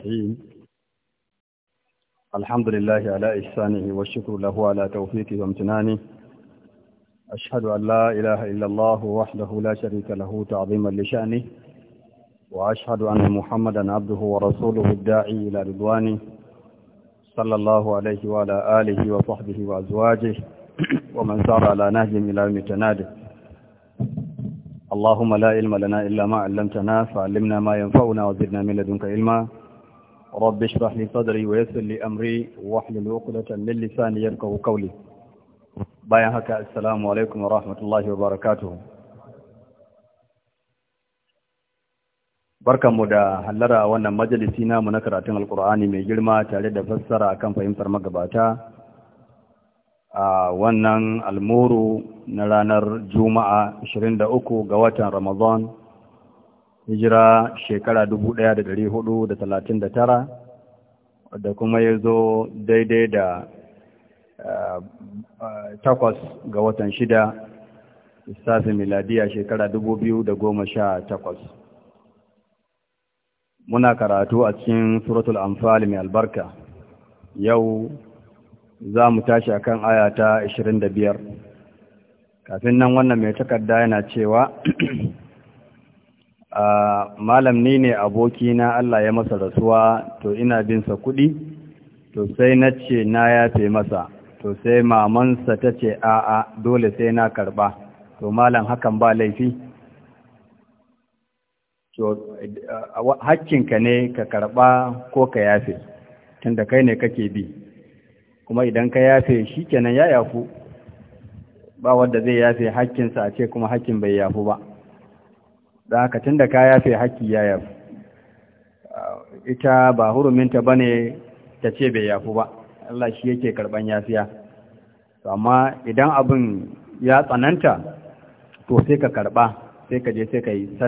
الرحيم الحمد لله على إحسانه والشكر له على توفيقه وامتنانه أشهد أن لا إله إلا الله وحده لا شريك له تعظيما لشأنه وأشهد أن محمدا عبده ورسوله الداعي إلى رضوانه صلى الله عليه وعلى آله وصحبه وأزواجه ومن سار على نهجهم إلى متناده اللهم لا علم لنا إلا ما علمتنا فعلمنا ما ينفعنا وزدنا من لدنك علما رب اشرح لي صدري ويسر لي أمري واحلل عقدة من لساني يفقهوا قولي bayan haka assalamu alaikum wa rahmatullahi wa barakatuhu barkanmu da a wannan majalisi mu na karatun alkur'ani mai girma tare da fassara kan fahimtar magabata a wannan almuru na ranar juma'a uku ga watan ramadan hijira shekara 1439 da kuma ya zo daidai da eh, eh, takwas ga watan shida lissafin miladiya shekara da goma 2018 muna karatu a cikin suratul amfali mai albarka yau za mu tashi akan aya ta 25 kafin nan wannan mai takarda yana cewa malam ni ne abokina Allah ya masa rasuwa to ina binsa kuɗi to sai na ce na yafe masa to sai mamansa ta ce a'a dole sai na karɓa to malam hakan ba laifi to hakkinka ne ka karɓa ko ka yafe tunda kai ne kake bi kuma idan ka yafe shi kenan ya yafu ba wanda zai yafe hakkinsa a ce kuma hakkin bai yafu ba da aka tun da ka yafe haƙƙi ya yafu ita ba huruminta ba ne ta ce bai yafu ba Allah shi yake karɓan yafiya amma idan abin ya tsananta to sai ka karɓa sai ka je sai ka